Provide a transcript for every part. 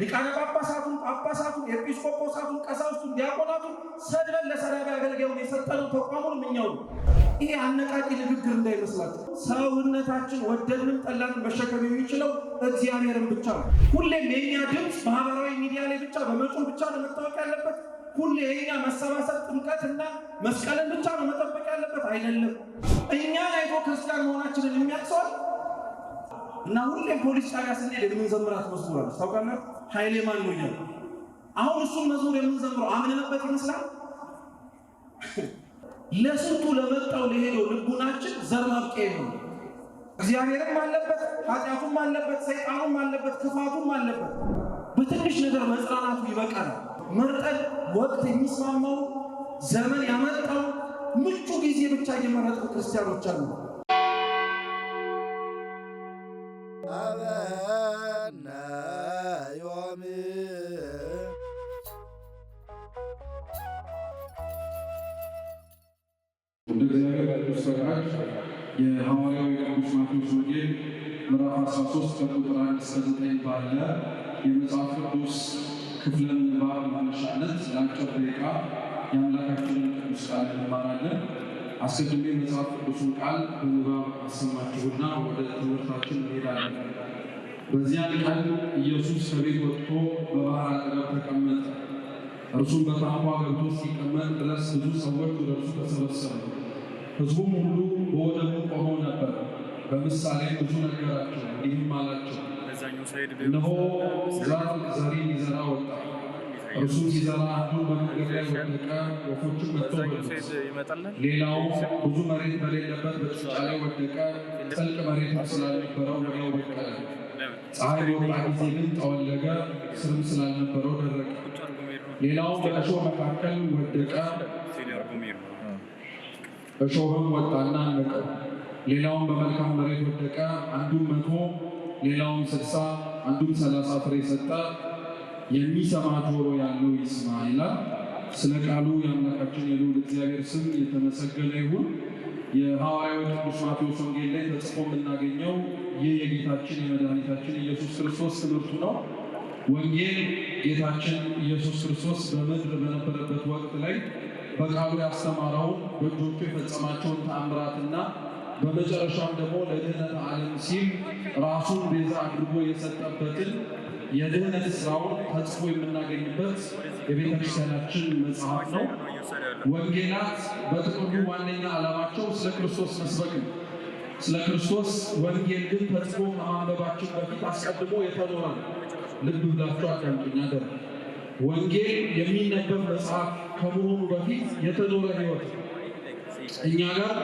ሊቃነ ጳጳሳቱን፣ ጳጳሳቱን፣ ኤጲስቆጶሳቱን፣ ቀሳውስቱን፣ ዲያቆናቱን ሰድበን ለሰራቢ አገልጋዩን የሰጠነው ተቋሙን ምኛው ይሄ አነቃቂ ንግግር እንዳይመስላችሁ። ሰውነታችን ወደድንም ጠላንን መሸከም የሚችለው እግዚአብሔርን ብቻ ነው። ሁሌም የኛ ድምፅ ማህበራዊ ሚዲያ ላይ ብቻ በመጮህ ብቻ ነው መታወቅ ያለበት። ሁሌ የኛ መሰባሰብ ጥምቀትና መስቀልን ብቻ ነው መጠበቅ ያለበት አይደለም። እኛን አይቶ ክርስቲያን መሆናችንን የሚያቅሰዋል እና ሁሌም ፖሊስ ጣቢያ ስንሄድ የምንዘምራት መዝሙር አለች። ታውቃለህ? ኃይሌ ማን ነው እያለ አሁን እሱም መዝሙር የምንዘምረው አምንንበት ይመስላል። ለስንቱ ለመጣው ለሄደው ልቡናችን ዘር ማብቂያ ነው። እግዚአብሔርም አለበት፣ ኃጢአቱም አለበት፣ ሰይጣኑም አለበት፣ ክፋቱም አለበት። በትንሽ ነገር መጽናናቱ ይበቃል። መርጠን ወቅት የሚስማማው ዘመን ያመጣው ምቹ ጊዜ ብቻ እየመረጡ ክርስቲያኖች አሉ። አበነ ዮሚ እንደ እግዚአብሔር ቅዱስ ፈቃድ የሐዋርያው የቅዱስ ማቴዎስ ወንጌል ምዕራፍ 13 ከቁጥር 1 እስከ 9 ባለ የመጽሐፍ ቅዱስ ክፍለ ምንባብ መነሻነት ለአጭር ደቂቃ የአምላካችንን ቅዱስ ቃል እንማራለን። አስቀድሜ መጽሐፍ ቅዱሱን ቃል በንባብ አሰማችሁና ወደ ትምህርታችን እንሄዳለን። በዚያን ቀን ኢየሱስ ከቤት ወጥቶ በባህር አጠገብ ተቀመጠ። እርሱም በታንኳ ገብቶ ሲቀመጥ ድረስ ብዙ ሰዎች ወደ እርሱ ተሰበሰቡ። ሕዝቡም ሁሉ በወደቡ ቆመው ነበር። በምሳሌ ብዙ ነገራቸው፣ እንዲህም አላቸው፦ እነሆ ዛፍ ዘሪ ይዘራ ወጣ እርሱ ሲዘራ አንዱ በመንገድ ላይ ወደቀ፣ ወፎቹም መጥተውበት። ሌላው ብዙ መሬት በሌለበት በጭቃ ላይ ወደቀ፣ ጥልቅ መሬት ስላልነበረው ወዲያው በቀለ። ፀሐይ በወጣ ጊዜ ግን ጠወለገ፣ ስርም ስላልነበረው ደረቀ። ሌላው በእሾህ መካከል ወደቀ፣ እሾህም ወጣና አነቀው። ሌላውም በመልካም መሬት ወደቀ፣ አንዱም መቶ ሌላውም ስልሳ አንዱም ሰላሳ ፍሬ ሰጠ። የሚሰማ ጆሮ ያለው ይስማ ይላል። ስለ ቃሉ የአምላካችን የልዑል እግዚአብሔር ስም የተመሰገነ ይሁን። የሐዋርያው ቅዱስ ማቴዎስ ወንጌል ላይ ተጽፎ የምናገኘው ይህ የጌታችን የመድኃኒታችን ኢየሱስ ክርስቶስ ትምህርቱ ነው። ወንጌል ጌታችን ኢየሱስ ክርስቶስ በምድር በነበረበት ወቅት ላይ በቃሉ ያስተማረው በእጆቹ የፈጸማቸውን ተአምራትና በመጨረሻም ደግሞ ለድህነት ዓለም ሲል ራሱን ቤዛ አድርጎ የሰጠበትን የድህነት ስራውን ተጽፎ የምናገኝበት የቤተክርስቲያናችን መጽሐፍ ነው። ወንጌላት በጥቅሉ ዋነኛ ዓላማቸው ስለ ክርስቶስ መስበክ ነው። ስለ ክርስቶስ ወንጌል ግን ተጽፎ ከማንበባችን በፊት አስቀድሞ የተኖረ ልብ ብላችሁ አዳምጡኝ። ወንጌል የሚነበብ መጽሐፍ ከመሆኑ በፊት የተኖረ ህይወት እኛ ጋር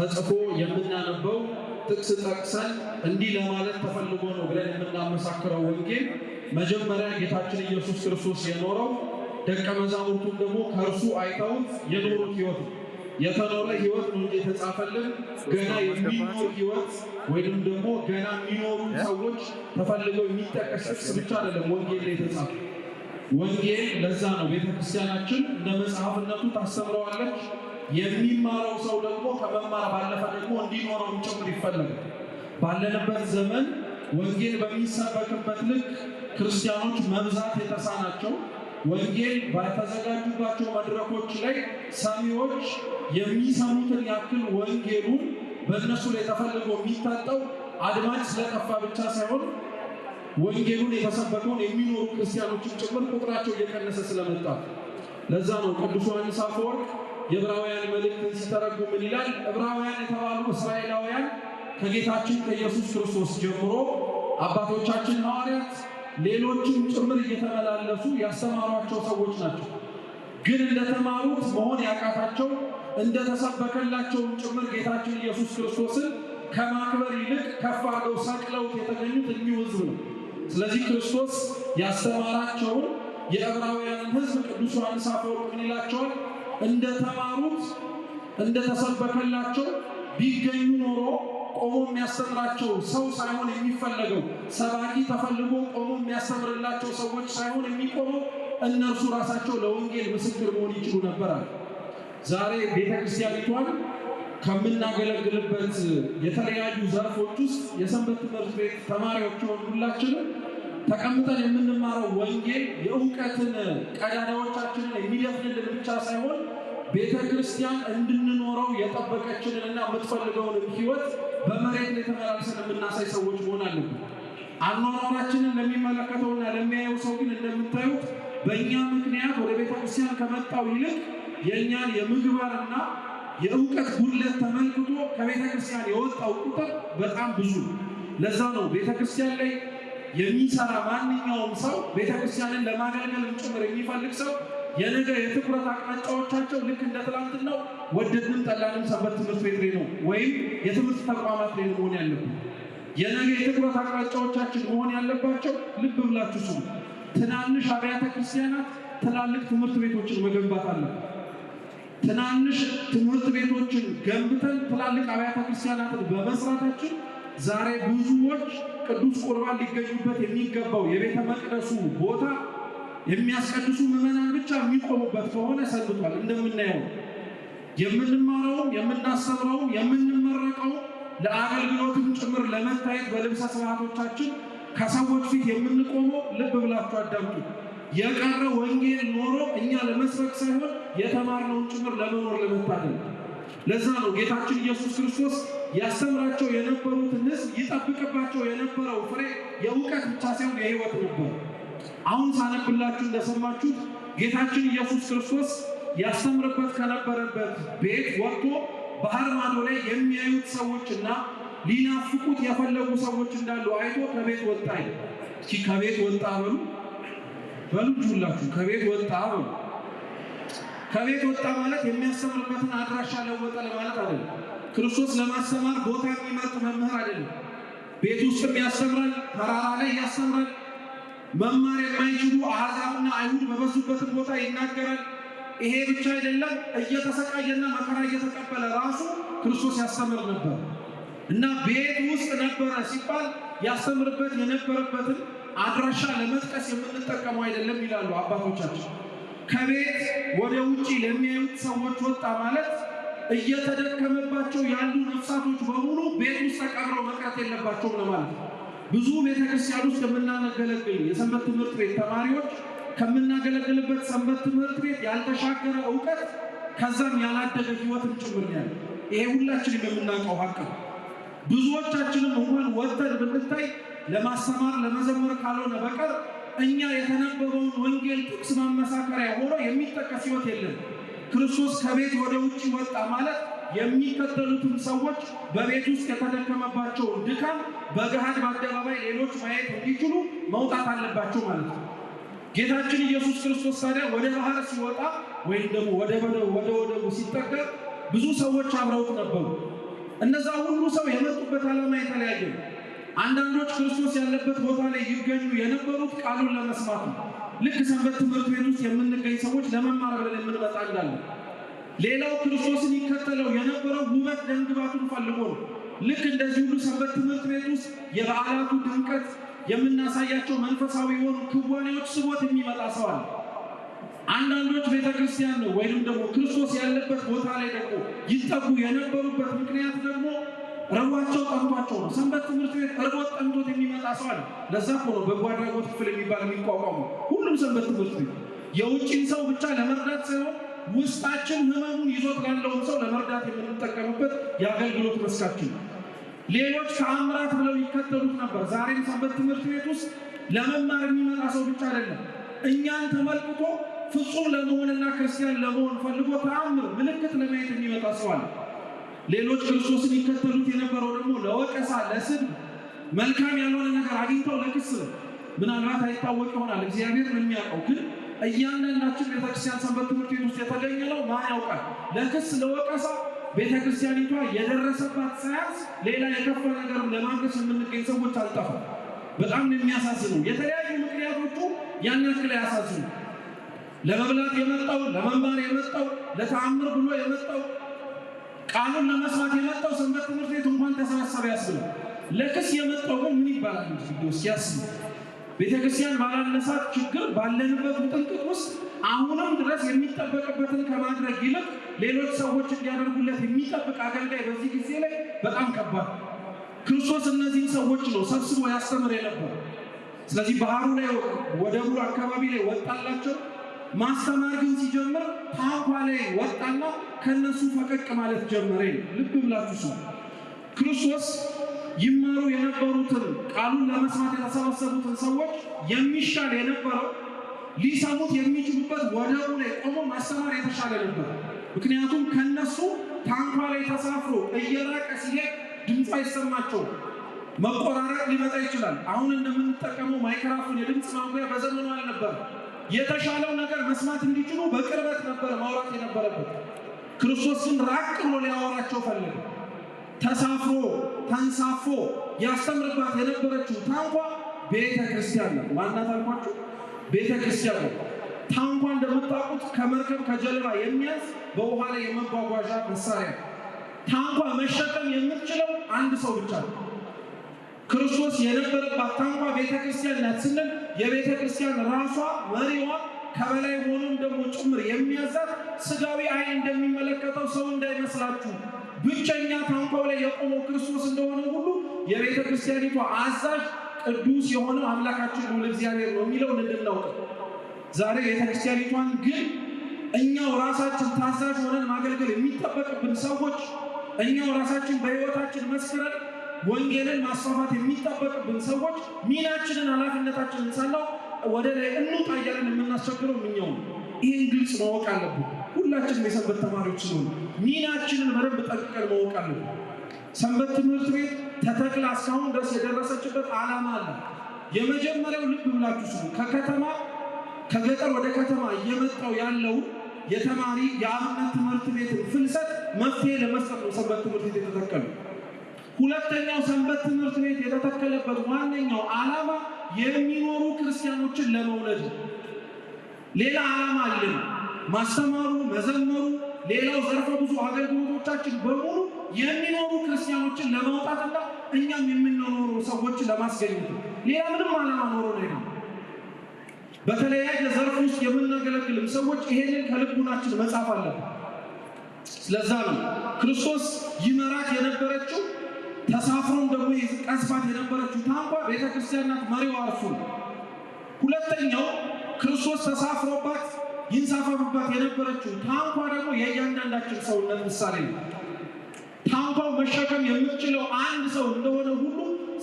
ተጽፎ የምናነበው ጥቅስ ጠቅሰን እንዲህ ለማለት ተፈልጎ ነው ብለን የምናመሳክረው ወንጌል መጀመሪያ ጌታችን ኢየሱስ ክርስቶስ የኖረው ደቀ መዛሙርቱም ደግሞ ከእርሱ አይተው የኖሩት ህይወት ነው። የተኖረ ህይወት ነው እንጂ የተጻፈልን ገና የሚኖር ህይወት ወይም ደግሞ ገና የሚኖሩ ሰዎች ተፈልገው የሚጠቀስ ጥቅስ ብቻ አይደለም ወንጌል ላይ የተጻፈ ወንጌል። ለዛ ነው ቤተክርስቲያናችን እንደ መጽሐፍነቱ ታስተምረዋለች የሚማረው ሰው ደግሞ ከመማር ባለፈ ደግሞ እንዲኖረው ጭምር ይፈልጋል። ባለንበት ዘመን ወንጌል በሚሰበክበት ልክ ክርስቲያኖች መብዛት የተሳናቸው ወንጌል ባልተዘጋጁባቸው መድረኮች ላይ ሰሚዎች የሚሰሙትን ያክል ወንጌሉን በእነሱ ላይ ተፈልጎ የሚታጣው አድማጭ ስለጠፋ ብቻ ሳይሆን ወንጌሉን የተሰበከውን የሚኖሩ ክርስቲያኖችን ጭምር ቁጥራቸው እየቀነሰ ስለመጣ ለዛ ነው ቅዱስ ዮሐንስ አፈወርቅ የዕብራውያን መልእክት ሲተረጉ ምን ይላል? ዕብራውያን የተባሉ እስራኤላውያን ከጌታችን ከኢየሱስ ክርስቶስ ጀምሮ አባቶቻችን ሐዋርያት፣ ሌሎችም ጭምር እየተመላለሱ ያስተማሯቸው ሰዎች ናቸው። ግን እንደተማሩት መሆን ያቃታቸው እንደተሰበከላቸውም ጭምር ጌታችን ኢየሱስ ክርስቶስን ከማክበር ይልቅ ከፍ አድርገው ሰቅለውት የተገኙት እኚሁ ሕዝብ ነው። ስለዚህ ክርስቶስ ያስተማራቸውን የዕብራውያንን ሕዝብ ቅዱስ ዮሐንስ አፈወርቅ ምን ይላቸዋል? እንደተማሩት እንደተሰበከላቸው ቢገኙ ኖሮ ቆሞ የሚያስተምራቸው ሰው ሳይሆን የሚፈለገው ሰባኪ ተፈልጎ ቆሞ የሚያስተምርላቸው ሰዎች ሳይሆን የሚቆመው እነርሱ ራሳቸው ለወንጌል ምስክር መሆን ይችሉ ነበራል። ዛሬ ቤተክርስቲያኒቷን ከምናገለግልበት የተለያዩ ዘርፎች ውስጥ የሰንበት ትምህርት ቤት ተማሪዎች ሆን ሁላችንም ተቀምጠን የምንማረው ወንጌል የእውቀትን ቀዳዳዎቻችንን የሚደፍንልን ብቻ ሳይሆን ቤተ ክርስቲያን እንድንኖረው የጠበቀችንንና የምትፈልገውንም ህይወት በመሬት ላይ የምናሳይ ሰዎች መሆን አለብን። አኗኗራችንን ለሚመለከተውና ለሚያየው ሰው ግን እንደምታዩት በእኛ ምክንያት ወደ ቤተ ክርስቲያን ከመጣው ይልቅ የእኛን የምግባርና የእውቀት ጉድለት ተመልክቶ ከቤተ ክርስቲያን የወጣው ቁጥር በጣም ብዙ። ለዛ ነው ቤተ ክርስቲያን ላይ የሚሰራ ማንኛውም ሰው ቤተክርስቲያንን ለማገልገልም ጭምር የሚፈልግ ሰው የነገ የትኩረት አቅጣጫዎቻቸው ልክ እንደ ነው። ወደድንም ጠላንም ሰበት ትምህርት ቤት ላይ ነው ወይም የትምህርት ተቋማት ላይ መሆን ያለብን። የነገ የትኩረት አቅጣጫዎቻችን መሆን ያለባቸው ልብ ብላችሁ ስሙ፣ ትናንሽ አብያተ ክርስቲያናት ትላልቅ ትምህርት ቤቶችን መገንባት አለን። ትናንሽ ትምህርት ቤቶችን ገንብተን ትላልቅ አብያተ ክርስቲያናትን በመስራታችን ዛሬ ብዙዎች ቅዱስ ቁርባን ሊገኙበት የሚገባው የቤተ መቅደሱ ቦታ የሚያስቀድሱ ምዕመናን ብቻ የሚቆሙበት ከሆነ ሰንብቷል። እንደምናየው የምንማረውም የምናስተምረውም የምንመረቀው ለአገልግሎትም ጭምር ለመታየት በልብሰ ስርዓቶቻችን ከሰዎች ፊት የምንቆመው ልብ ብላችሁ አዳምጡ። የቀረ ወንጌል ኖሮ እኛ ለመስበክ ሳይሆን የተማርነውን ጭምር ለመኖር ለመታደል። ለዛ ነው ጌታችን ኢየሱስ ክርስቶስ ያስተምራቸው የነበሩትን ሕዝብ ይጠብቅባቸው የነበረው ፍሬ የእውቀት ብቻ ሳይሆን የህይወት ነበር። አሁን ሳነብላችሁ እንደሰማችሁት ጌታችን ኢየሱስ ክርስቶስ ያስተምርበት ከነበረበት ቤት ወጥቶ ባህር ማዶ ላይ የሚያዩት ሰዎችና ሊናፍቁት የፈለጉ ሰዎች እንዳሉ አይቶ ከቤት ወጣ ይላል። እስኪ ከቤት ወጣ በሉ በሉ ሁላችሁ ከቤት ወጣ በሉ። ከቤት ወጣ ማለት የሚያስተምርበትን አድራሻ ለወጠ ለማለት አይደለም። ክርስቶስ ለማስተማር ቦታ የሚመርጥ መምህር አይደለም። ቤት ውስጥም ያስተምራል፣ ተራራ ላይ ያስተምራል። መማር የማይችሉ አሕዛብና አይሁድ በበዙበትን ቦታ ይናገራል። ይሄ ብቻ አይደለም፣ እየተሰቃየና መከራ እየተቀበለ ራሱ ክርስቶስ ያስተምር ነበር እና ቤት ውስጥ ነበረ ሲባል ያስተምርበት የነበረበትን አድራሻ ለመጥቀስ የምንጠቀመው አይደለም ይላሉ አባቶቻችን። ከቤት ወደ ውጪ ለሚያዩት ሰዎች ወጣ ማለት እየተደከመባቸው ያሉ ነፍሳቶች በሙሉ ቤት ውስጥ ተቀብረው መቅረት የለባቸውም ለማለት ነው። ብዙ ቤተክርስቲያን ውስጥ የምናገለግል የሰንበት ትምህርት ቤት ተማሪዎች ከምናገለግልበት ሰንበት ትምህርት ቤት ያልተሻገረ እውቀት ከዛም ያላደገ ህይወትም ጭምር ያለ ይሄ ሁላችንም የምናውቀው ሀቅ ነው። ብዙዎቻችንም እንኳን ወጥተን ብንታይ ለማስተማር ለመዘመር ካልሆነ በቀር እኛ የተነበበውን ወንጌል ጥቅስ ማመሳከሪያ ሆኖ የሚጠቀስ ህይወት የለም። ክርስቶስ ከቤት ወደ ውጭ ወጣ ማለት የሚከተሉትን ሰዎች በቤት ውስጥ የተደከመባቸውን ድካም በገሃድ በአደባባይ ሌሎች ማየት እንዲችሉ መውጣት አለባቸው ማለት ነው። ጌታችን ኢየሱስ ክርስቶስ ታዲያ ወደ ባህር ሲወጣ ወይም ደግሞ ወደ ወደ ወደቡ ሲጠቀም ብዙ ሰዎች አብረውት ነበሩ። እነዛ ሁሉ ሰው የመጡበት ዓላማ የተለያየ ነው። አንዳንዶች ክርስቶስ ያለበት ቦታ ላይ ይገኙ የነበሩት ቃሉን ለመስማት ነው። ልክ ሰንበት ትምህርት ቤት ውስጥ የምንገኝ ሰዎች ለመማር ብለን የምንመጣ እንዳለ፣ ሌላው ክርስቶስን ይከተለው የነበረው ውበት ደንግባቱን ፈልጎ ነው። ልክ እንደዚህ ሁሉ ሰንበት ትምህርት ቤት ውስጥ የበዓላቱ ድምቀት የምናሳያቸው መንፈሳዊ የሆኑ ክዋኔዎች ስቦት የሚመጣ ሰው አለ። አንዳንዶች ቤተ ክርስቲያን ነው ወይም ደግሞ ክርስቶስ ያለበት ቦታ ላይ ደግሞ ይጠጉ የነበሩበት ምክንያት ደግሞ ረቧቸው ጠምቷቸው ነው። ሰንበት ትምህርት ቤት እርቦት ተጣጥሷል። ለዛ እኮ ነው በጎ አድራጎት ክፍል የሚባል የሚቋቋሙ ሁሉም ሰንበት ትምህርት ቤት የውጭን ሰው ብቻ ለመርዳት ሳይሆን ውስጣችን ህመሙን ይዞት ያለውን ሰው ለመርዳት የምንጠቀምበት የአገልግሎት መስካችን ሌሎች ከአምራት ብለው ይከተሉት ነበር። ዛሬም ሰንበት ትምህርት ቤት ውስጥ ለመማር የሚመጣ ሰው ብቻ አይደለም። እኛን ተመልክቶ ፍጹም ለመሆንና ክርስቲያን ለመሆን ፈልጎ ተአምር፣ ምልክት ለማየት የሚመጣ ሰው አለ። ሌሎች ክርስቶስን ይከተሉት የነበረው ደግሞ ለወቀሳ፣ ለስድብ መልካም ያልሆነ ነገር አግኝተው ለክስ ነው። ምናልባት አይታወቅ ይሆናል እግዚአብሔር ምን የሚያውቀው ግን እያንዳንዳችን ቤተክርስቲያን ሰንበት ትምህርት ቤት ውስጥ የተገኘ ነው። ማን ያውቃል ለክስ ለወቀሳ ቤተክርስቲያኒቷ የደረሰባት ሳያዝ ሌላ የከፋ ነገር ለማንገስ የምንገኝ ሰዎች አልጠፋም። በጣም ነው የሚያሳዝነው። የተለያዩ ምክንያቶቹ ያን ያክል አያሳዝኑ። ለመብላት የመጣው ለመማር የመጣው ለተአምር ብሎ የመጣው ቃሉን ለመስማት የመጣው ሰንበት ትምህርት ቤት እንኳን ተሰበሰበ ያስብላል። ለክስ የመጣው ግን ምን ይባላል? እንግዲህ ሲያስብ ቤተክርስቲያን ባላነሳት ችግር ባለንበት ውጥንቅጥ ውስጥ አሁንም ድረስ የሚጠበቅበትን ከማድረግ ይልቅ ሌሎች ሰዎች እንዲያደርጉለት የሚጠብቅ አገልጋይ በዚህ ጊዜ ላይ በጣም ከባድ። ክርስቶስ እነዚህን ሰዎች ነው ሰብስቦ ያስተምር የነበረ። ስለዚህ ባህሩ ላይ ወደቡ አካባቢ ላይ ወጣላቸው። ማስተማር ግን ሲጀምር ታኳ ላይ ወጣና ከእነሱ ፈቀቅ ማለት ጀመረ። ልብ ብላችሁ ክርስቶስ ይማሩ የነበሩትን ቃሉን ለመስማት የተሰበሰቡትን ሰዎች የሚሻል የነበረው ሊሰሙት የሚችሉበት ወደቡ ላይ ቆሞ ማስተማር የተሻለ ነበር። ምክንያቱም ከነሱ ታንኳ ላይ ተሳፍሮ እየራቀ ሲሄድ ድምፅ አይሰማቸው፣ መቆራረጥ ሊመጣ ይችላል። አሁን እንደምንጠቀመው ማይክራፎን የድምፅ ማጉያ በዘመኑ አልነበር። የተሻለው ነገር መስማት እንዲችሉ በቅርበት ነበር ማውራት የነበረበት። ክርስቶስን ራቅ ብሎ ሊያወራቸው ፈለገ። ተሳፍሮ ተንሳፎ ያስተምርባት የነበረችው ታንኳ ቤተ ክርስቲያን ነው። ማናት አልኳችሁ? ቤተ ክርስቲያን ነው። ታንኳ እንደምታውቁት ከመርከብ ከጀልባ የሚያዝ በውሃ ላይ የመጓጓዣ መሳሪያ ነው። ታንኳ መሸከም የምትችለው አንድ ሰው ብቻ ነው። ክርስቶስ የነበረባት ታንኳ ቤተ ክርስቲያን ናት ስንል የቤተ ክርስቲያን ራሷ መሪዋ ከበላይ ሆኖም ደግሞ ጭምር የሚያዛት ስጋዊ ዓይን እንደሚመለከተው ሰው እንዳይመስላችሁ ብቸኛ ታንኳው ላይ የቆመው ክርስቶስ እንደሆነ ሁሉ የቤተ ክርስቲያኒቱ አዛዥ ቅዱስ የሆነው አምላካችን ልዑል እግዚአብሔር ነው የሚለውን እንድናውቅ ዛሬ ቤተ ክርስቲያኒቷን ግን እኛው ራሳችን ታዛዥ ሆነን ማገልገል የሚጠበቅብን ሰዎች እኛው ራሳችን በሕይወታችን መስክረን ወንጌልን ማስፋፋት የሚጠበቅብን ሰዎች ሚናችንን ኃላፊነታችንን ሳናውቅ ወደ ላይ እንውጣ እያለን የምናስቸግረው እኛው ነው። ይህን ግልጽ ማወቅ አለብን። ሁላችንም የሰንበት ተማሪዎች ስለሆነ ሚናችንን በደንብ ጠቅቀን ማወቅ አለብን። ሰንበት ትምህርት ቤት ተተክላ እስካሁን ድረስ የደረሰችበት ዓላማ አለ። የመጀመሪያው ልብ ብላችሁ ስሙ። ከከተማ ከገጠር ወደ ከተማ እየመጣው ያለውን የተማሪ የአብነት ትምህርት ቤትን ፍልሰት መፍትሄ ለመስጠት ነው ሰንበት ትምህርት ቤት የተተከሉ። ሁለተኛው ሰንበት ትምህርት ቤት የተተከለበት ዋነኛው ዓላማ የሚኖሩ ክርስቲያኖችን ለመውለድ ነው። ሌላ ዓላማ አለን። ማስተማሩ፣ መዘመሩ፣ ሌላው ዘርፈ ብዙ አገልግሎቶቻችን በሙሉ የሚኖሩ ክርስቲያኖችን ለማውጣትና እኛም የምንኖሩ ሰዎች ለማስገኘት ሌላ ምንም ዓላማ ኖሮ ነው። በተለያየ ዘርፍ ውስጥ የምናገለግልም ሰዎች ይሄንን ከልቡናችን መጻፍ አለን። ስለዛ ነው ክርስቶስ ይመራት የነበረችው ተሳፍሮም ደግሞ ቀስፋት የነበረችው ታንኳ ቤተክርስቲያን ናት። አርሱ እርሱ ነው። ሁለተኛው ክርስቶስ ተሳፍሮባት ይንሳፈፍባት የነበረችው ታንኳ ደግሞ የእያንዳንዳችን ሰውነት ምሳሌ ነው። ታንኳው መሸከም የምችለው አንድ ሰው እንደሆነ ሁሉ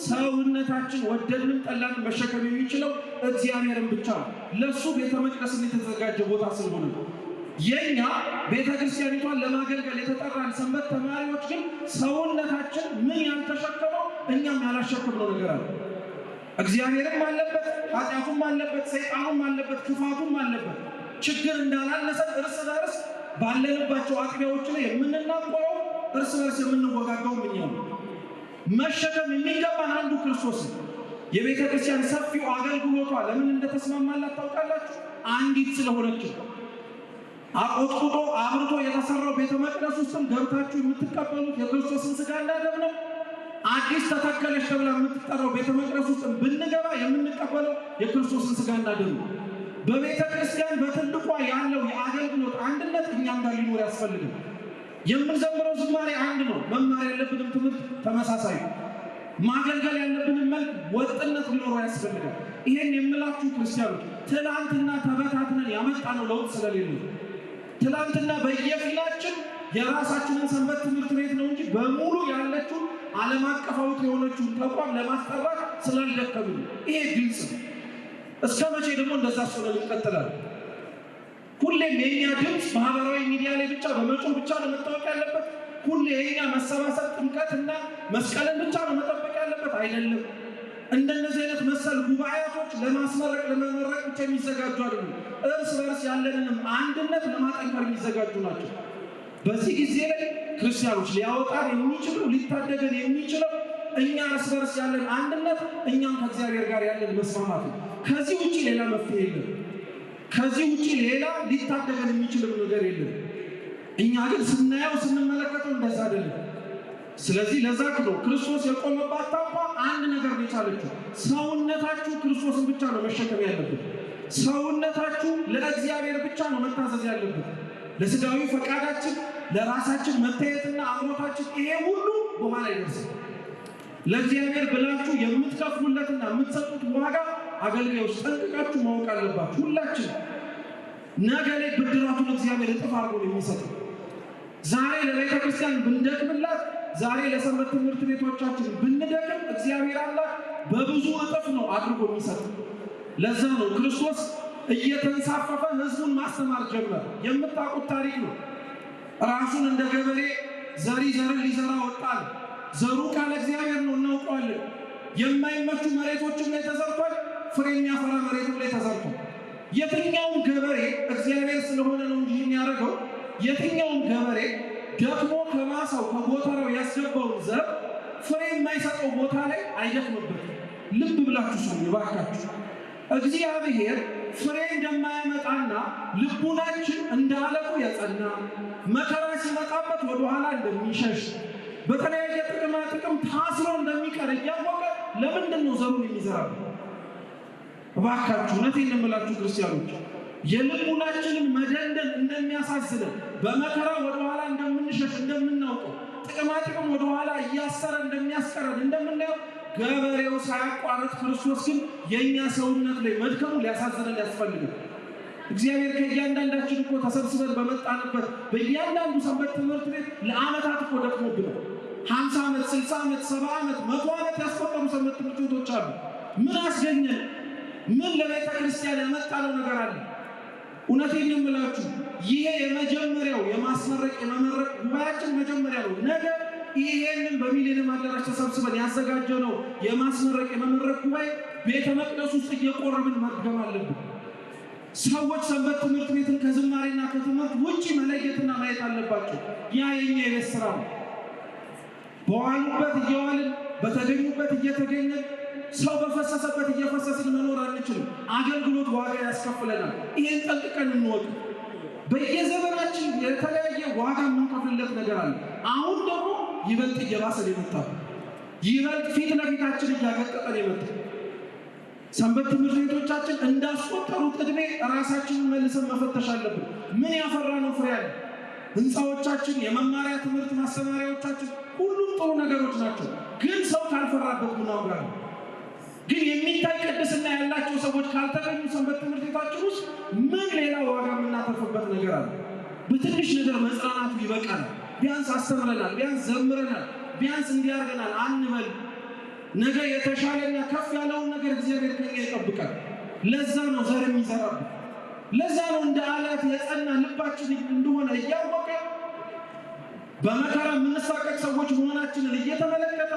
ሰውነታችን ወደድንም ጠላን መሸከም የሚችለው እግዚአብሔርን ብቻ ነው። ለእሱ ቤተ መቅደስ የተዘጋጀ ቦታ ስለሆነ ነው። የኛ ቤተ ክርስቲያኒቷን ለማገልገል የተጠራን ሰንበት ተማሪዎች ግን ሰውነታችን ምን ያልተሸከመው እኛም ያላሸከምነው ነገር አለ። እግዚአብሔርም አለበት፣ ኃጢአቱም አለበት፣ ሰይጣኑም አለበት፣ ክፋቱም አለበት። ችግር እንዳላነሰ እርስ በርስ ባለንባቸው አጥቢያዎች ላይ የምንናቆረው እርስ በርስ የምንወጋገው ምኛው መሸከም የሚገባን አንዱ ክርስቶስ የቤተ ክርስቲያን ሰፊው አገልግሎቷ ለምን እንደተስማማላት ታውቃላችሁ? አንዲት ስለሆነችው አቆጥቁጦ አብርቶ የተሰራው ቤተ መቅደስ ውስጥም ገብታችሁ የምትቀበሉት የክርስቶስን ስጋ እና ነው። አዲስ ተተከለች ተብላ የምትጠራው ቤተ መቅደስ ውስጥ ብንገባ የምንቀበለው የክርስቶስን ስጋ ደም በቤተ ክርስቲያን በትልቋ ያለው የአገልግሎት አንድነት እኛም ጋር ሊኖር ያስፈልግም። የምንዘምረው ዝማሬ አንድ ነው። መማር ያለብንም ትምህርት ተመሳሳይ ማገልገል ያለብንም መልክ ወጥነት ሊኖረው ያስፈልጋል። ይሄን የምላችሁ ክርስቲያኖች ትናንትና ተበታትነን ያመጣ ነው ለውጥ ስለሌለ ትናንትና በየፊናችን የራሳችንን ሰንበት ትምህርት ቤት ነው እንጂ በሙሉ ያለችውን ዓለም አቀፋዊት የሆነችውን ተቋም ለማስጠራት ስላልደከም ነው። ይሄ ግልጽ ነው። እስከ መቼ ደግሞ እንደዛ ስለሆነ ይቀጥላል? ሁሌም የእኛ ድምፅ ማህበራዊ ሚዲያ ላይ ብቻ በመጮህ ብቻ ነው መታወቅ ያለበት። ሁሌ የእኛ መሰባሰብ ጥምቀትና መስቀልን ብቻ ነው መጠበቅ ያለበት አይደለም። እንደነዚህ አይነት መሰል ጉባኤቶች ለማስመረቅ ለመመረቅ ብቻ የሚዘጋጁ አይደሉም። እርስ በርስ ያለንንም አንድነት ለማጠንከር የሚዘጋጁ ናቸው። በዚህ ጊዜ ላይ ክርስቲያኖች ሊያወጣን የሚችለው ሊታደገን የሚችለው እኛ እርስ በርስ ያለን አንድነት፣ እኛም ከእግዚአብሔር ጋር ያለን መስማማት ነው። ከዚህ ውጭ ሌላ መፍትሄ የለም። ከዚህ ውጭ ሌላ ሊታደገን የሚችልም ነገር የለም። እኛ ግን ስናየው ስንመለከተው እንደዛ አይደለም። ስለዚህ ለዛ ክሎ ክርስቶስ የቆመባት ታንኳ አንድ ነገር ነው የቻለችው። ሰውነታችሁ ክርስቶስን ብቻ ነው መሸከም ያለበት ሰውነታችሁ ለእግዚአብሔር ብቻ ነው መታዘዝ ያለበት። ለስጋዊ ፈቃዳችን፣ ለራሳችን መታየትና አምሮታችን ይሄ ሁሉ በኋላ ይደርሳል። ለእግዚአብሔር ብላችሁ የምትከፍሉለትና የምትሰጡት ዋጋ አገልጋዮች ጠንቅቃችሁ ማወቅ አለባችሁ። ሁላችን ነገ ላይ ብድራቱን እግዚአብሔር እጥፍ አድርጎ የሚሰጥ ዛሬ ለቤተ ክርስቲያን ብንደክምላት፣ ዛሬ ለሰንበት ትምህርት ቤቶቻችን ብንደክም፣ እግዚአብሔር አምላክ በብዙ እጥፍ ነው አድርጎ የሚሰጥ። ለዛ ነው ክርስቶስ እየተንሳፈፈ ህዝቡን ማስተማር ጀመረ። የምታውቁት ታሪክ ነው። ራሱን እንደ ገበሬ ዘሪ ዘር ሊዘራ ወጣል። ዘሩ ቃለ እግዚአብሔር ነው፣ እናውቀዋለን። የማይመቹ መሬቶችም ላይ ተዘርቷል። ፍሬ የሚያፈራ መሬትም ላይ ተዘርቷል። የትኛውም ገበሬ እግዚአብሔር ስለሆነ ነው እንጂ የሚያደርገው የትኛውም ገበሬ ደክሞ ከማሳው ከጎተራው ያስገባውን ዘር ፍሬ የማይሰጠው ቦታ ላይ አይደክምበትም። ልብ ብላችሁ ሰሙ ባካችሁ እግዚአብሔር ፍሬ እንደማያመጣና ልቡናችን እንዳለቁ የጸና መከራ ሲመጣበት ወደኋላ እንደሚሸሽ በተለያየ ጥቅማ ጥቅም ታስሮ እንደሚቀር እያወቀ ለምንድን ነው ዘሩን የሚዘራው? እባካችሁ እውነቴን የምላችሁ ክርስቲያኖች የልቡናችንን መደንደን እንደሚያሳዝነን በመከራ ወደኋላ እንደምንሸሽ እንደምናውቀው ጥቅማ ጥቅም ወደኋላ እያሰረ እንደሚያስቀረን እንደምናየው ገበሬው ሳያቋርጥ ክርስቶስ ግን የእኛ ሰውነት ላይ መድከሙ ሊያሳዝነን ያስፈልግም። እግዚአብሔር ከእያንዳንዳችን እኮ ተሰብስበን በመጣንበት በእያንዳንዱ ሰንበት ትምህርት ቤት ለዓመታት እኮ ደክሞብናል። ሀምሳ ዓመት ስልሳ ዓመት ሰባ ዓመት መቶ ዓመት ያስቆጠሩ ሰንበት ትምህርት ቤቶች አሉ። ምን አስገኘን? ምን ለቤተ ክርስቲያን ያመጣነው ነገር አለ? እውነቴን የምላችሁ ይሄ የመጀመሪያው የማስመረቅ የመመረቅ ጉባኤያችን መጀመሪያ ነው ነገ ይሄንን በሚሊኒየም አዳራሽ ተሰብስበን ያዘጋጀው ነው የማስመረቅ የመመረቅ ጉባኤ ቤተ መቅደስ ውስጥ እየቆረብን መድገም አለብን። ሰዎች ሰንበት ትምህርት ቤትን ከዝማሬና ከትምህርት ውጭ መለየትና ማየት አለባቸው። ያ የኛ የቤት ስራ ነው። በዋሉበት እየዋልን በተገኙበት እየተገኘን ሰው በፈሰሰበት እየፈሰስን መኖር አንችልም። አገልግሎት ዋጋ ያስከፍለናል። ይህን ጠንቅቀን እንወቅ። በየዘመናችን የተለያየ ዋጋ የምንከፍልለት ነገር አለ። አሁን ደግሞ ይበልጥ እየባሰን የመጣው ይበልጥ ፊት ለፊታችን እያቀጠጠ የመጣው ሰንበት ትምህርት ቤቶቻችን እንዳስቆጠሩት ዕድሜ ራሳችንን መልሰን መፈተሽ አለብን። ምን ያፈራ ነው ፍሬ ያለ ህንፃዎቻችን፣ የመማሪያ ትምህርት ማስተማሪያዎቻችን፣ ሁሉም ጥሩ ነገሮች ናቸው። ግን ሰው ካልፈራበት ምናውራ ነው። ግን የሚታይ ቅድስና ያላቸው ሰዎች ካልተገኙ ሰንበት ትምህርት ቤታችን ውስጥ ምን ሌላ ዋጋ የምናተርፍበት ነገር አለ? በትንሽ ነገር መጽናናቱ ይበቃል። ቢያንስ አስተምረናል፣ ቢያንስ ዘምረናል፣ ቢያንስ እንዲያርገናል አንበል። ነገ የተሻለና ከፍ ያለውን ነገር እግዚአብሔር ከኛ ይጠብቃል። ለዛ ነው ዘር የሚዘራብን። ለዛ ነው እንደ አላት የጸና ልባችን እንደሆነ እያወቀ በመከራ የምንሳቀቅ ሰዎች መሆናችንን እየተመለከተ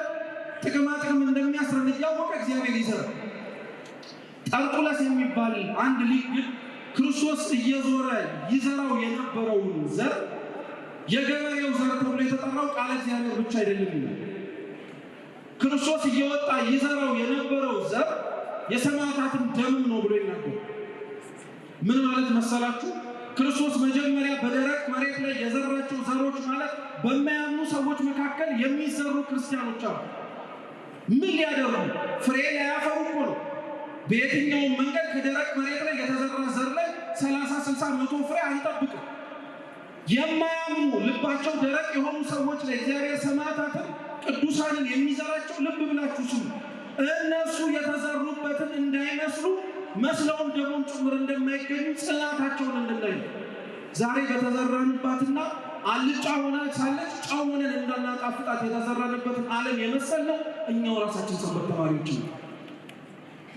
ጥቅማ ጥቅም እንደሚያስረን እያወቀ እግዚአብሔር ይዘራል። ጠርጡለስ የሚባል አንድ ሊግ ክርስቶስ እየዞረ ይዘራው የነበረውን ዘር የገበሬው ዘር ተብሎ የተጠራው ቃለ እግዚአብሔር ብቻ አይደለም ይላል። ክርስቶስ እየወጣ ይዘራው የነበረው ዘር የሰማዕታትን ደም ነው ብሎ ይናገር። ምን ማለት መሰላችሁ? ክርስቶስ መጀመሪያ በደረቅ መሬት ላይ የዘራቸው ዘሮች ማለት በማያምኑ ሰዎች መካከል የሚዘሩ ክርስቲያኖች አሉ። ምን ሊያደርጉ ፍሬ ላያፈሩ እኮ ነው። በየትኛውም መንገድ ከደረቅ መሬት ላይ የተዘራ ዘር ላይ ሰላሳ ስልሳ መቶ ፍሬ አንጠብቅም። የማያምኑ ልባቸው ደረቅ የሆኑ ሰዎች ለእግዚአብሔር ሰማዕታትን ቅዱሳንን የሚዘራቸው ልብ ብላችሁ ስሙ። እነሱ የተዘሩበትን እንዳይመስሉ መስለውን ደግሞም ጭምር እንደማይገኙ ጽናታቸውን እንድናይ ዛሬ በተዘራንባትና አልጫ ሆና ሳለች ጨው ሆነን እንዳናጣፍጣት የተዘራንበትን ዓለም የመሰልነው እኛው ራሳችን ሰንበት ተማሪዎች ነው።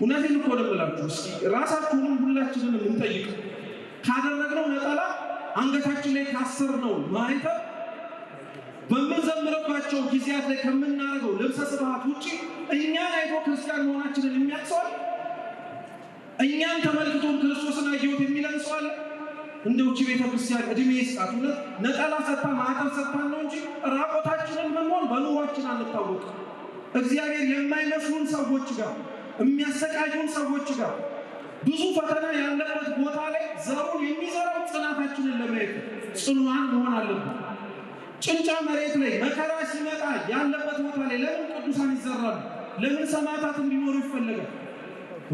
እውነቴን እኮ ነው እስኪ ራሳችሁንም ሁላችንን እንጠይቅ። ካደረግነው ነጠላ አንገታችን ላይ ነው ማለት በምንዘምርባቸው ጊዜያት ላይ ከምናደርገው ልብሰ ስብሐት ውጭ እኛን አይቶ ክርስቲያን መሆናችንን የሚያቅሰዋል። እኛን ተመልክቶን ክርስቶስን አየሁት የሚለን ሰው አለ? ቤተ ክርስቲያን እድሜ ይስጣት። ነጠላ ሰጥታ ማዕተብ ሰጥታን ነው እንጂ ራቆታችንን ምንሆን በኑሯችን አንታወቅ እግዚአብሔር የማይመስሉን ሰዎች ጋር፣ የሚያሰቃዩን ሰዎች ጋር ብዙ ፈተና ያለበት ቦታ ላይ ዘሩን የሚዘራው ጽናታችንን ለማየት ጽኗን መሆን አለብን። ጭንጫ መሬት ላይ መከራ ሲመጣ ያለበት ቦታ ላይ ለምን ቅዱሳን ይዘራሉ? ለምን ሰማዕታት እንዲኖሩ ይፈለጋል?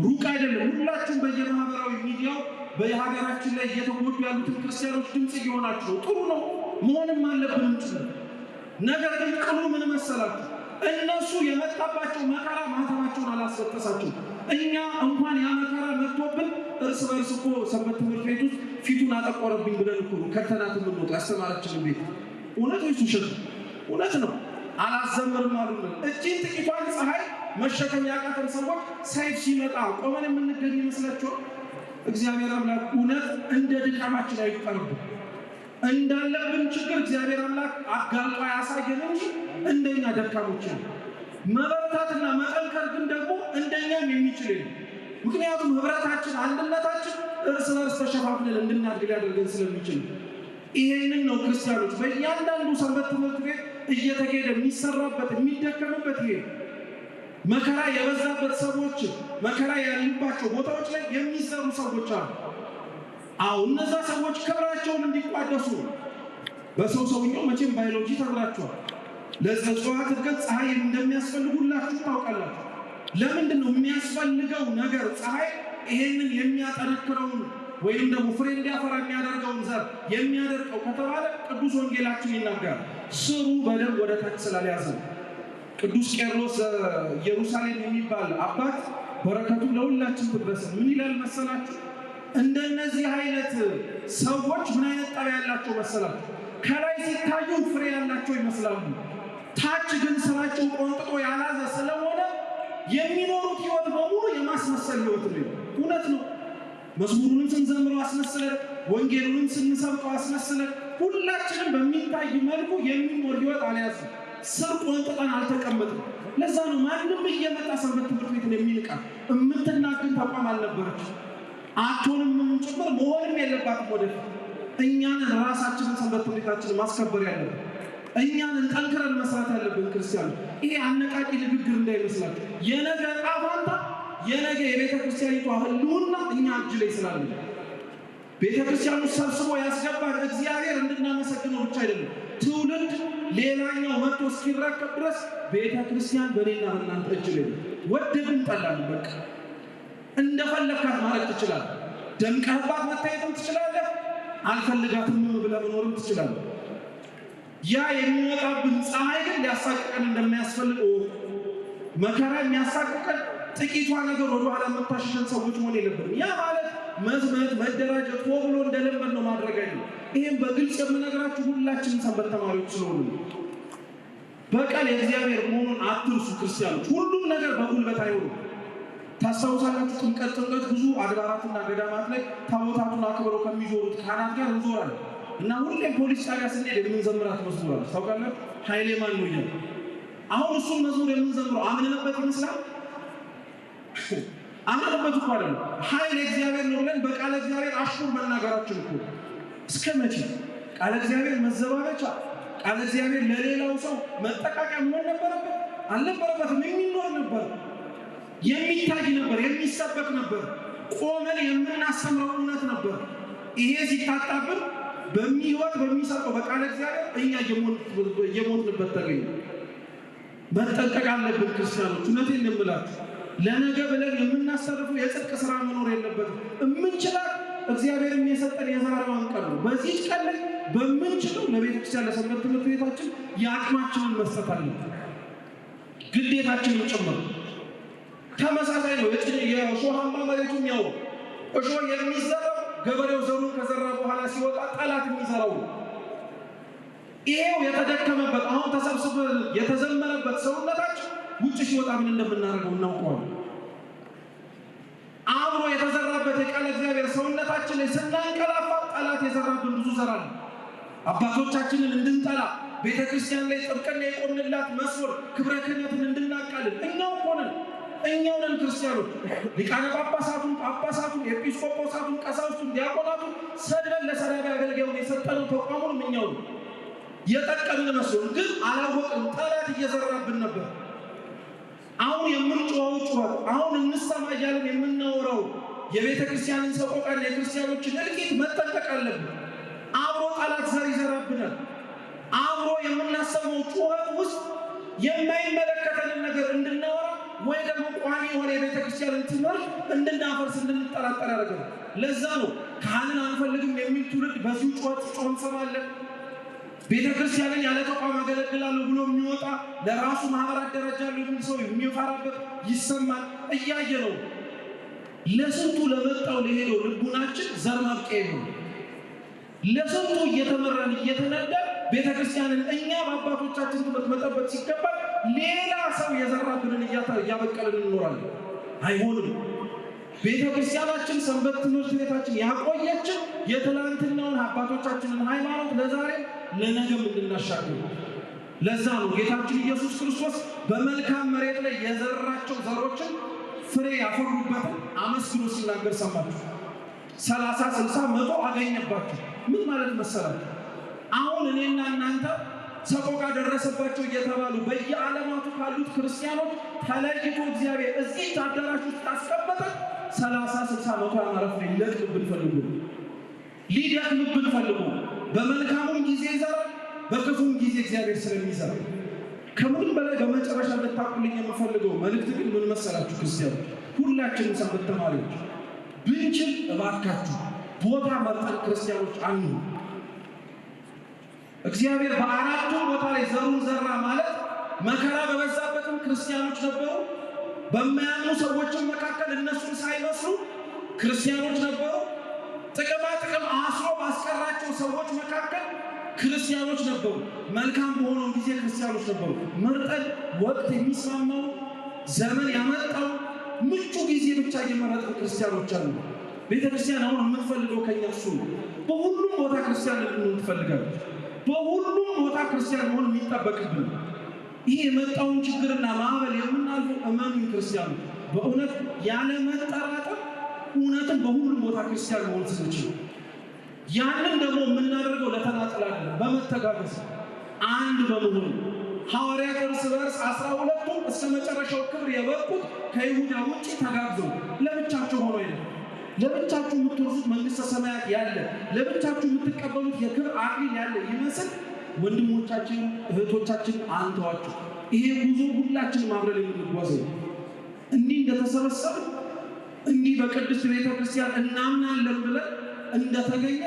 ሩቅ አይደለም። ሁላችሁም በየማህበራዊ ሚዲያው በሀገራችን ላይ እየተጎዱ ያሉትን ክርስቲያኖች ድምፅ እየሆናችሁ ነው። ጥሩ ነው፣ መሆንም አለብንም ነገር ግን ቅሉ ምን መሰላችሁ? እነሱ የመጣባቸው መከራ ማህተባቸውን አላስፈጠሳቸው እኛ እርስ በርስ እኮ ሰንበት ትምህርት ቤት ውስጥ ፊቱን አጠቆረብኝ ብለን እኮ ከተናት የምንወጡ ያስተማረችን ቤት እውነት ወይስ ውሸት? እውነት ነው። አላዘምርም አሉ። እጅን ጥቂቷን ፀሐይ መሸከም ያቃተን ሰዎች ሰይፍ ሲመጣ ቆመን የምንገኝ ይመስላችኋል? እግዚአብሔር አምላክ እውነት እንደ ድካማችን አይቀርብ እንዳለብን ችግር እግዚአብሔር አምላክ አጋልጦ ያሳየን እንጂ እንደኛ ደካሞች ነው። መበርታትና መጠንከር ግን ደግሞ እንደኛም የሚችል ምክንያቱም ህብረታችን፣ አንድነታችን እርስ በርስ ተሸፋፍነን እንድናድግ ያደርገን ስለሚችል ይሄንን ነው ክርስቲያኖች በእያንዳንዱ ሰንበት ትምህርት ቤት እየተሄደ የሚሰራበት የሚደከምበት ይሄ መከራ የበዛበት ሰዎች መከራ ያሉባቸው ቦታዎች ላይ የሚሰሩ ሰዎች አሉ። አዎ እነዛ ሰዎች ክብራቸውን እንዲቋደሱ በሰው ሰውኛው መቼም ባዮሎጂ ተብላችኋል። ለዘጽዋት እድገት ፀሐይ እንደሚያስፈልጉላችሁ ታውቃላችሁ። ለምንድን ነው የሚያስፈልገው ነገር ፀሐይ ይሄንን የሚያጠነክረውን ወይም ደግሞ ፍሬ እንዲያፈራ የሚያደርገውን ዘር የሚያደርቀው ከተባለ ቅዱስ ወንጌላችን ይናገራል። ስሩ በደንብ ወደ ታች ስላልያዘ ቅዱስ ቄርሎስ ኢየሩሳሌም የሚባል አባት በረከቱ ለሁላችን ትድረስ። ምን ይላል መሰላችሁ? እንደነዚህ አይነት ሰዎች ምን አይነት ጠባይ ያላቸው መሰላችሁ? ከላይ ሲታዩ ፍሬ ያላቸው ይመስላሉ። ታች ግን ስራቸው ቆንጥጦ ያላዘ ስለሆነ የሚኖሩት ህይወት በሙሉ የማስመሰል ህይወት ነው። እውነት ነው። መዝሙሩንም ስንዘምረው አስመስለን፣ ወንጌሉንም ስንሰብቀው አስመስለን፣ ሁላችንም በሚታይ መልኩ የሚኖር ህይወት አልያዝም። ስር ቆንጥጠን አልተቀመጥም። ለዛ ነው ማንም እየመጣ ሰንበት ትምህርት ቤትን የሚንቃ የምትናግን ተቋም አልነበረች አቶንም ጭምር መሆንም የለባትም። ወደፊት እኛንን ራሳችንን ሰንበት ትምህርታችንን ማስከበር ያለብን እኛንን ጠንክረን መስራት ያለብን ክርስቲያን። ይሄ አነቃቂ ንግግር እንዳይመስላል። የነገ ዕጣ ፈንታ የነገ የቤተ ክርስቲያኒቷ ህልውና እኛ እጅ ላይ ስላለ ቤተ ክርስቲያኑ ሰብስቦ ያስገባን እግዚአብሔር እንድናመሰግነው ብቻ አይደለም። ትውልድ ሌላኛው መጥቶ እስኪረከብ ድረስ ቤተ ክርስቲያን በሌላ በእናንተ እጅ ላይ ነው። ወደድን ጠላን፣ በቃ እንደፈለግካት ማለት ትችላለህ። ደምቀህባት መታየትም ትችላለህ። አልፈልጋትም ብለህ መኖርም ትችላለህ። ያ የሚወጣብን ፀሐይ ግን ሊያሳቅቀን እንደሚያስፈልግ መከራ የሚያሳቅቀን ጥቂቷ ነገር ወደኋላ የምታሸሸን ሰዎች መሆን የለብንም። ያ ማለት መዝመት፣ መደራጀት ሆ ብሎ እንደለመድ ነው ማድረግ አይደለም። ይህም በግልጽ የምነግራችሁ ሁላችንም ሰንበት ተማሪዎች ስለሆኑ በቀል የእግዚአብሔር መሆኑን አትርሱ ክርስቲያኖች። ሁሉም ነገር በጉልበት አይሆኑም። ታስታውሳላችሁ፣ ጥምቀት ጥምቀት ብዙ አድባራትና ገዳማት ላይ ታቦታቱን አክብረው ከሚዞሩት ካህናት ጋር እንዞራለን። እና ሁሌ ፖሊስ ጣቢያ ስንሄድ የምንዘምራት መዝሙር አለች። ታውቃለህ? ኃይሌ ማን ነው ይላል። አሁን እሱም መዝሙር የምንዘምረው አምነንበት ይመስላል። አምነንበት እኮ አይደለም። ኃይል እግዚአብሔር ነው ብለን በቃለ እግዚአብሔር አሹር መናገራችን እኮ እስከ መቼ? ቃለ እግዚአብሔር መዘባበቻ፣ ቃለ እግዚአብሔር ለሌላው ሰው መጠቃቂያ መሆን ነበረበት አልነበረበትም? የሚኖር ነበር፣ የሚታይ ነበር፣ የሚሰበክ ነበር፣ ቆመን የምናሰምረው እውነት ነበር። ይሄ ሲታጣብን በሚወት በሚሰጠው በቃለ እግዚአብሔር እኛ የሞትንበት ተገኘ። መጠንቀቅ አለብን ክርስቲያኖች። እውነቴን የምላችሁ ለነገ ብለን የምናሰርፈው የጽድቅ ስራ መኖር የለበትም። እምንችላት እግዚአብሔር የሰጠን የዛሬዋን ቀን ነው። በዚህች ቀን ላይ በምንችለው ለቤተክርስቲያን፣ ለሰንበት ትምህርት ቤታችን የአቅማችንን መስጠት አለብን፣ ግዴታችንን ጭምር። ተመሳሳይ ነው። የሾሃማ መሬቱ ያው እሾ የሚዘራ ገበሬው ዘሩን ከዘራ በኋላ ሲወጣ ጠላት የሚሰራው ይሄው የተደከመበት አሁን ተሰብስበ የተዘመረበት ሰውነታችን ውጭ ሲወጣ ምን እንደምናደርገው እናውቀዋል። አብሮ የተዘራበት የቃለ እግዚአብሔር ሰውነታችን ላይ ስናንቀላፋ ጠላት የዘራብን ብዙ ዘራል። አባቶቻችንን እንድንጠላ ቤተ ክርስቲያን ላይ ጥብቅና የቆምንላት መስወር ክብረ ክህነትን እንድናቃልን እናውቆንን እኛው ነን ክርስቲያኖች። ሊቃነ ጳጳሳቱን፣ ጳጳሳቱን፣ ኤጲስቆጶሳቱን፣ ቀሳውስቱን፣ ዲያቆናቱን ሰድበን ለሰራዊ አገልጋዩን የሰጠነው ተቋሙን እኛው ነው የጠቀምን መስሎን፣ ግን አላወቅም። ጠላት እየዘራብን ነበር። አሁን የምንጮኸው ጩኸት፣ አሁን እንሰማ እያለን የምናወራው የቤተ ክርስቲያንን ሰቆቃና የክርስቲያኖችን እልቂት መጠንቀቅ አለብን። አብሮ ጠላት ዘር ይዘራብናል። አብሮ የምናሰማው ጩኸት ውስጥ የማይመለከተንን ነገር እንድናወራ ወይ ደግሞ ቋሚ የሆነ የቤተክርስቲያንን ትምህርት እንድናፈርስ እንድንጠራጠር ነው። ለዛ ነው ካህንን አንፈልግም የሚል ትውልድ በዚሁ ጩኸት ጮህ እንሰማለን። ቤተክርስቲያንን ያለ ተቋም አገለግላለሁ ብሎ የሚወጣ ለራሱ ማህበር አደራጃለሁ የሚል ሰው የሚፈራበት ይሰማል። እያየ ነው ለስንቱ ለመጣው ለሄደው ልቡናችን ዘር ማብቀያ ነው። ለስንቱ እየተመራን እየተነዳ ቤተክርስቲያንን እኛ በአባቶቻችን ትምህርት መጠበቅ ሲገባል ሌላ ሰው የዘራብንን እያበቀልን እንኖራለን። አይሆንም። ቤተ ክርስቲያናችን፣ ሰንበት ትምህርት ቤታችን ያቆየችን የትላንትናውን አባቶቻችንን ሃይማኖት ለዛሬ ለነገም እንድናሻግር ለዛ ነው ጌታችን ኢየሱስ ክርስቶስ በመልካም መሬት ላይ የዘራቸው ዘሮችን ፍሬ ያፈሩበትን አመስግኖ ሲናገር ሰማችሁ። ሰላሳ ስልሳ መቶ አገኘባችሁ። ምን ማለት መሰላችሁ? አሁን እኔና እናንተ ሰቆቃ ደረሰባቸው እየተባሉ በየዓለማቱ ካሉት ክርስቲያኖች ተለይቶ እግዚአብሔር እዚህ አዳራሽ ውስጥ አስቀመጠን። ሰላሳ ስልሳ መቶ አማረፍ ላይ ሊደክምብን ፈልጎ ሊደክምብን ፈልጉ በመልካሙም ጊዜ ይዘራል፣ በክፉም ጊዜ እግዚአብሔር ስለሚዘራ ከምንም በላይ በመጨረሻ እንድታቁልኝ የምፈልገው መልእክት ግን ምን መሰላችሁ? ክርስቲያኖች ሁላችንም ሰንበት ተማሪዎች ብንችል እባካችሁ ቦታ መርጠን ክርስቲያኖች አንሁ እግዚአብሔር በአራቱ ቦታ ላይ ዘሩን ዘራ ማለት መከራ በበዛበትም ክርስቲያኖች ነበሩ፣ በማያምኑ ሰዎችን መካከል እነሱን ሳይመስሉ ክርስቲያኖች ነበሩ፣ ጥቅማ ጥቅም አስሮ ባስቀራቸው ሰዎች መካከል ክርስቲያኖች ነበሩ፣ መልካም በሆነው ጊዜ ክርስቲያኖች ነበሩ። መርጠን ወቅት የሚስማማው ዘመን ያመጣው ምቹ ጊዜ ብቻ የመረጡ ክርስቲያኖች አሉ። ቤተክርስቲያን አሁን የምትፈልገው ከኛ እሱ ነው። በሁሉም ቦታ ክርስቲያን ልንሆን ትፈልጋለች። በሁሉም ቦታ ክርስቲያን መሆን የሚጠበቅብን ይህ የመጣውን ችግርና ማዕበል የምናልፈው እመኑን ክርስቲያኑ በእውነት መጠራጠር እውነትን በሁሉም ቦታ ክርስቲያን መሆን ስንችል ያንን ደግሞ የምናደርገው ለተናጥላለን በመተጋገዝ አንድ በመሆኑ ሐዋርያት እርስ በርስ አስራ ሁለቱም እስከ መጨረሻው ክብር የበቁት ከይሁዳ ውጭ ተጋግዘው ለብቻቸው ሆኖ የለም። ለብቻችሁ የምትወርሱት መንግስተ ሰማያት ያለ ለብቻችሁ የምትቀበሉት የክብር አክሊል ያለ ይመስል ወንድሞቻችን እህቶቻችን አንተዋችሁ። ይሄ ጉዞ ሁላችንም አብረን የምንጓዘው እንዲህ እንደተሰበሰብ እንዲህ በቅድስት ቤተ ክርስቲያን እናምናለን ብለን እንደተገኘ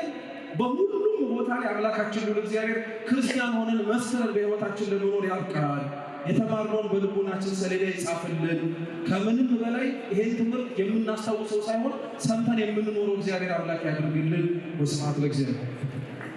በሁሉም ቦታ ላይ አምላካችን እግዚአብሔር ክርስቲያን ሆነን መስረን በሕይወታችን ለመኖር ያብቃል። የተማርነውን በልቦናችን ሰሌዳ ይጻፍልን። ከምንም በላይ ይሄን ትምህርት የምናስታውሰው ሳይሆን ሰምተን የምንኖረው እግዚአብሔር አምላክ ያድርግልን። ወስብሐት ለእግዚአብሔር።